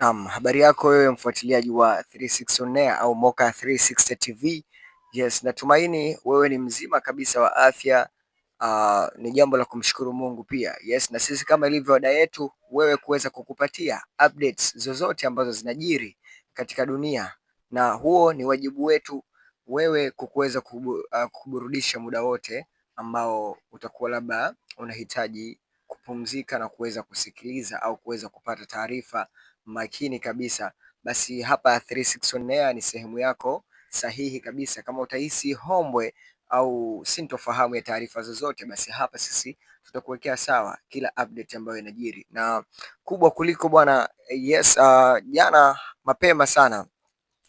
Naam, habari yako wewe mfuatiliaji wa 360 on air au Moka 360 TV. Yes, natumaini wewe ni mzima kabisa wa afya. Uh, ni jambo la kumshukuru Mungu pia. Yes, na sisi kama ilivyo ada yetu, wewe kuweza kukupatia updates zozote ambazo zinajiri katika dunia, na huo ni wajibu wetu wewe kukuweza ah, kuburudisha muda wote ambao utakuwa labda unahitaji kupumzika na kuweza kusikiliza au kuweza kupata taarifa makini kabisa, basi hapa 360 On Air ni sehemu yako sahihi kabisa. Kama utahisi hombwe au sintofahamu ya taarifa zozote, basi hapa sisi tutakuwekea sawa kila update ambayo inajiri na kubwa kuliko bwana. Yes, ah, jana uh, mapema sana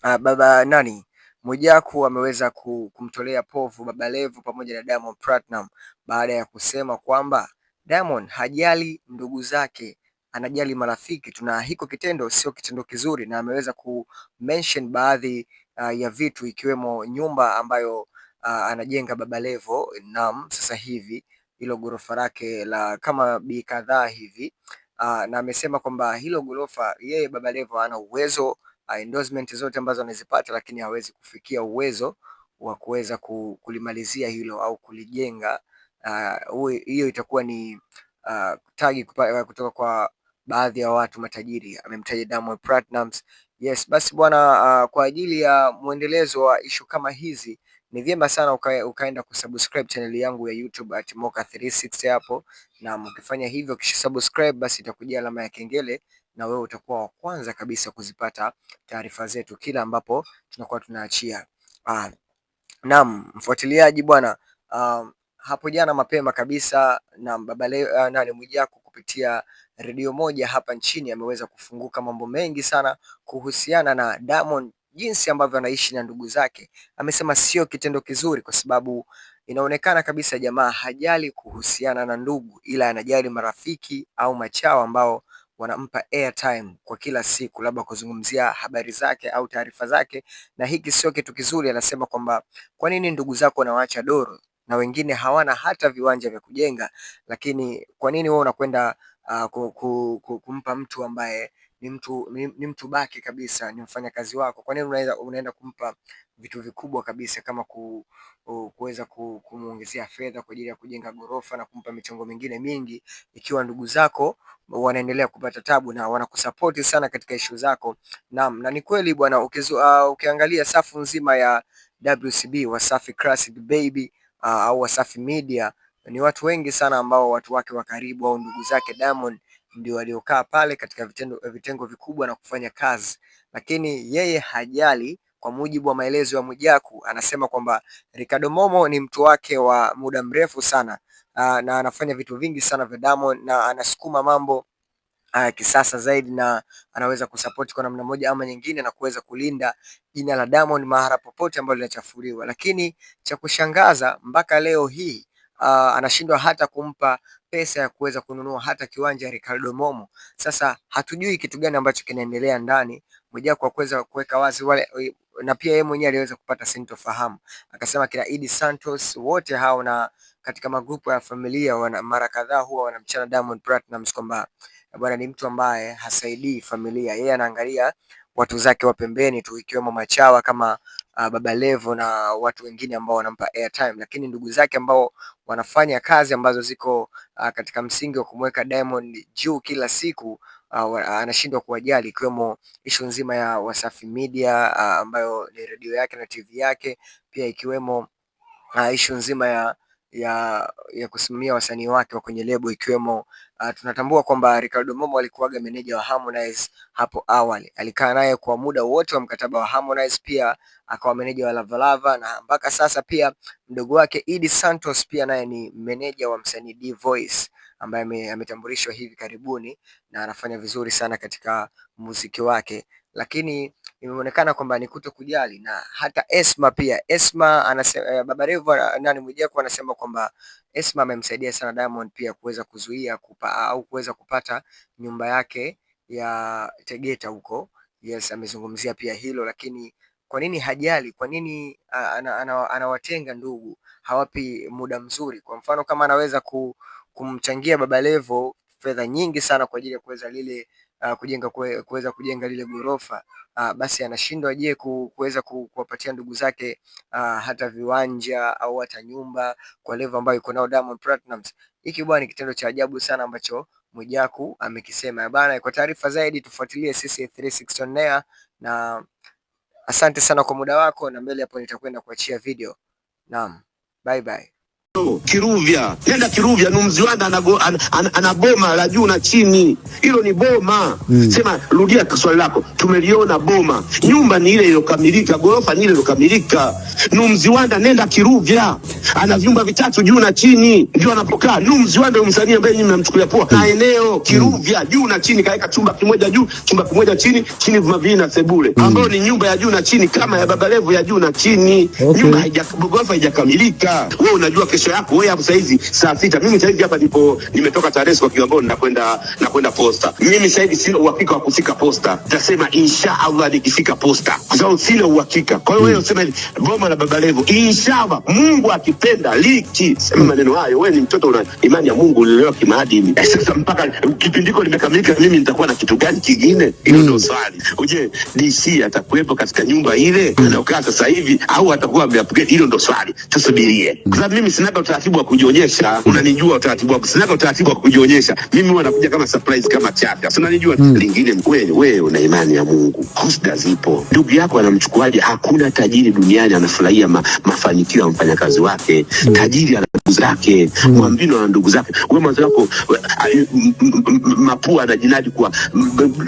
uh, baba nani Mwijaku ameweza kumtolea povu Baba Levo pamoja na Diamond Platinum baada ya kusema kwamba Diamond hajali ndugu zake, anajali marafiki tuna hiko kitendo sio kitendo kizuri, na ameweza ku mention baadhi uh, ya vitu ikiwemo nyumba ambayo uh, anajenga Baba Levo nam sasa hivi hilo ghorofa lake la kama bi kadhaa hivi uh, na amesema kwamba hilo ghorofa yeye Baba Levo ana uwezo uh, endorsement zote ambazo anazipata, lakini hawezi kufikia uwezo wa kuweza kulimalizia hilo au kulijenga. Uh, hiyo uh, itakuwa ni uh, tagi kupa, uh, kutoka kwa baadhi ya watu matajiri, amemtaja Diamond Platnumz. Yes, basi bwana, uh, kwa ajili ya mwendelezo wa ishu kama hizi ni vyema sana uka, ukaenda kusubscribe channel yangu ya YouTube at Moka 360 hapo, na mkifanya hivyo kisha subscribe, basi itakujia alama ya kengele na wewe utakuwa wa kwanza kabisa kuzipata taarifa zetu kila ambapo tunakuwa tunaachia. Uh, naam mfuatiliaji bwana uh, hapo jana mapema kabisa na baba leo eh, nani Mwijaku kupitia redio moja hapa nchini ameweza kufunguka mambo mengi sana kuhusiana na Diamond jinsi ambavyo anaishi na ndugu zake. Amesema sio kitendo kizuri, kwa sababu inaonekana kabisa jamaa hajali kuhusiana na ndugu, ila anajali marafiki au machao ambao wanampa airtime kwa kila siku, labda kuzungumzia habari zake au taarifa zake, na hiki sio kitu kizuri. Anasema kwamba kwa nini ndugu zako wanawaacha doro na wengine hawana hata viwanja vya kujenga, lakini kwa nini wewe unakwenda uh, kumpa mtu ambaye ni mtu, ni, ni mtu baki kabisa, ni mfanyakazi wako? Kwa nini unaenda, unaenda kumpa vitu vikubwa kabisa kama ku, kuweza kumuongezea fedha kwa ajili ya kujenga ghorofa na kumpa michongo mingine mingi, ikiwa ndugu zako wanaendelea kupata tabu na wanakusapoti sana katika ishu zako. Naam, na ni kweli bwana, ah, ukiangalia safu nzima ya WCB Wasafi Classic Baby uh, au Wasafi Media ni watu wengi sana ambao watu wake wa karibu au ndugu zake Diamond ndio waliokaa pale katika vitendo, vitengo vikubwa na kufanya kazi, lakini yeye hajali. Kwa mujibu wa maelezo ya Mwijaku, anasema kwamba Ricardo Momo ni mtu wake wa muda mrefu sana, na anafanya vitu vingi sana vya Diamond na anasukuma mambo ya kisasa zaidi na anaweza kusapoti kwa namna moja ama nyingine na kuweza kulinda jina la Diamond mahala popote ambalo linachafuliwa. Lakini cha kushangaza mpaka leo hii uh, anashindwa hata kumpa pesa ya kuweza kununua hata kiwanja Ricardo Momo. Sasa hatujui kitu gani ambacho kinaendelea ndani, moja kwa kuweza kuweka wazi wale na pia yeye mwenyewe aliweza kupata sintofahamu, akasema kina Idi Santos wote hao na katika magrupu ya familia wana mara kadhaa huwa wanamchana Diamond Platnumz kwamba bwana ni mtu ambaye hasaidii familia, yeye anaangalia watu zake wa pembeni tu, ikiwemo machawa kama uh, Baba Levo na watu wengine ambao wanampa airtime, lakini ndugu zake ambao wanafanya kazi ambazo ziko uh, katika msingi wa kumweka Diamond juu kila siku uh, anashindwa kuwajali, ikiwemo ishu nzima ya Wasafi Media uh, ambayo ni redio yake na TV yake, pia ikiwemo uh, ishu nzima ya ya, ya kusimamia wasanii wake wa kwenye lebo ikiwemo uh, tunatambua kwamba Ricardo Momo alikuwaga meneja wa Harmonize hapo awali. Alikaa naye kwa muda wote wa mkataba wa Harmonize, pia akawa meneja wa Lavalava na mpaka sasa pia mdogo wake Idi Santos pia naye ni meneja wa msanii D Voice ambaye ametambulishwa hivi karibuni na anafanya vizuri sana katika muziki wake lakini imeonekana kwamba ni kuto kujali na hata Esma pia Esma anasema, eh, Baba Levo eh, nani Mwijaku anasema kwamba Esma amemsaidia sana Diamond pia kuweza kuzuia kupa, au kuweza kupata nyumba yake ya Tegeta huko. Yes, amezungumzia pia hilo, lakini kwa nini hajali? Kwa nini anawatenga ndugu, hawapi muda mzuri? Kwa mfano kama anaweza kumchangia Baba Levo fedha nyingi sana kwa ajili ya kuweza lile uh, kujenga kuweza kujenga lile ghorofa uh, ah, basi anashindwa je, kuweza kuwapatia ndugu zake uh, hata viwanja au hata nyumba kwa level ambayo iko nao Diamond Platnumz. Hiki bwana ni kitendo cha ajabu sana ambacho Mwijaku amekisema bana. Kwa taarifa zaidi tufuatilie sisi 360 on air, na asante sana kwa muda wako, na mbele hapo nitakwenda kuachia video. Naam, bye bye. Kiruvya, nenda yaani Kiruvya, Numziwanda an, an, ana boma la juu na chini. Hilo ni boma mm. Sema, rudia swali lako. Tumeliona boma, nyumba ni ile iliyokamilika, gorofa ni ile iliyokamilika. Numziwanda, nenda Kiruvya, ana vyumba vitatu juu na chini, ndio anapokaa Numziwanda. Msanii ambaye nyinyi mnamchukulia poa hmm. na eneo hmm. Kiruvya, juu na chini, kaweka chumba kimoja juu, chumba kimoja chini, chini vyumba viwili na sebule, mm. ambayo ni nyumba ya juu na chini kama ya Baba Babalevu ya juu na chini. okay. Nyumba haija gorofa haijakamilika, wewe unajua kesho maisha yako wewe hapo saizi saa sita. Mimi saizi hapa nipo, nimetoka kwa Kigamboni na kwenda na kwenda posta. Mimi saizi sina uhakika wa kufika posta, nitasema insha Allah nikifika posta, kwa sababu sina uhakika. Kwa hiyo wewe mm. useme mm. Boma la Baba Levo, insha Allah Mungu akipenda liki sema mm. maneno hayo. Wewe ni mtoto una imani ya Mungu, ulilelewa kimaadili. Eh, sasa mpaka kipindiko limekamilika, mimi nitakuwa na kitu gani kingine? Hilo ndio mm. swali. Uje DC atakuwepo katika nyumba ile anaokaa sasa hivi, au atakuwa ameupgrade? Hilo ndio swali, tusubirie, kwa sababu mimi sina Sinaka utaratibu wa kujionyesha, unanijua utaratibu wako. Sinaka utaratibu wa kujionyesha, mimi huwa nakuja kama surprise, kama chapa, si unanijua. mm. Lingine mkweli, wewe una imani ya Mungu, husda zipo. Ndugu yako anamchukuaje? Hakuna tajiri duniani anafurahia ma, mafanikio ya mfanyakazi wake. mm. Tajiri ana ndugu zake, hmm. mwambino ana ndugu zake. Wewe mwanzo wako uh, uh, uh, mapua anajinadi kuwa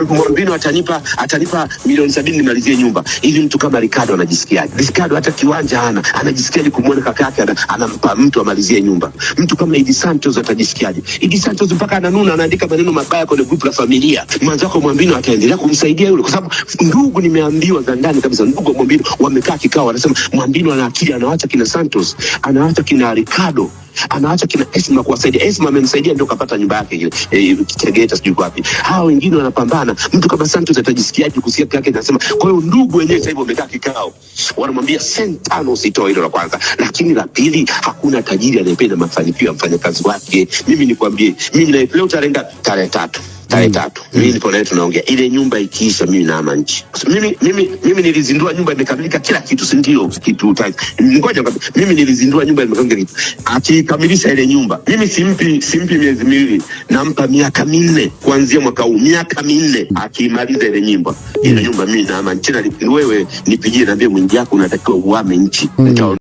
mwambino atanipa atanipa milioni sabini nimalizie nyumba Ili Mtu kama Ricardo anajisikiaje? Ricardo hata kiwanja hana, anajisikiaje kumwona kaka yake anampa mtu mtu amalizie nyumba. Mtu kama Idi Santos atajisikiaje? Idi Santos mpaka ananuna, anaandika maneno mabaya kwenye grupu la familia. Mwenzako Mwambino ataendelea kumsaidia yule, kwa sababu ndugu, nimeambiwa za ndani kabisa, ndugu wa Mwambino wamekaa kikao, wanasema Mwambino ana akili, kina Santos, anawacha kina Ricardo anaacha kina Esma kuwasaidia. Esma amemsaidia ndio kapata nyumba yake hiyo e, Tegeta sijui wapi. Hawa wengine wanapambana, mtu kama Santos atajisikiaje kusikia kake anasema. Kwa hiyo ndugu wenyewe sasa hivi wamekaa kikao, wanamwambia sentano, tano usitoe. Hilo la kwanza, lakini la pili, hakuna tajiri anayependa mafanikio ya mfanyakazi wake. Mimi nikwambie, mimi na tarehe ngapi? Tarehe tatu tarehe mm. tatu mimi mm. nipo naye tunaongea. Ile nyumba ikiisha, mimi na amanchi Mimi mimi mimi nilizindua nyumba imekamilika kila kitu, si ndio? Kitu ngoja, mimi nilizindua nyumba imekamilika Akikamilisha ile nyumba, mimi simpi simpi miezi miwili, nampa miaka minne kuanzia mwaka huu, miaka minne. Akimaliza ile nyumba ile mm. nyumba, mimi na amanchi Na wewe nipigie, naambie mwingi yako unatakiwa uame nchi.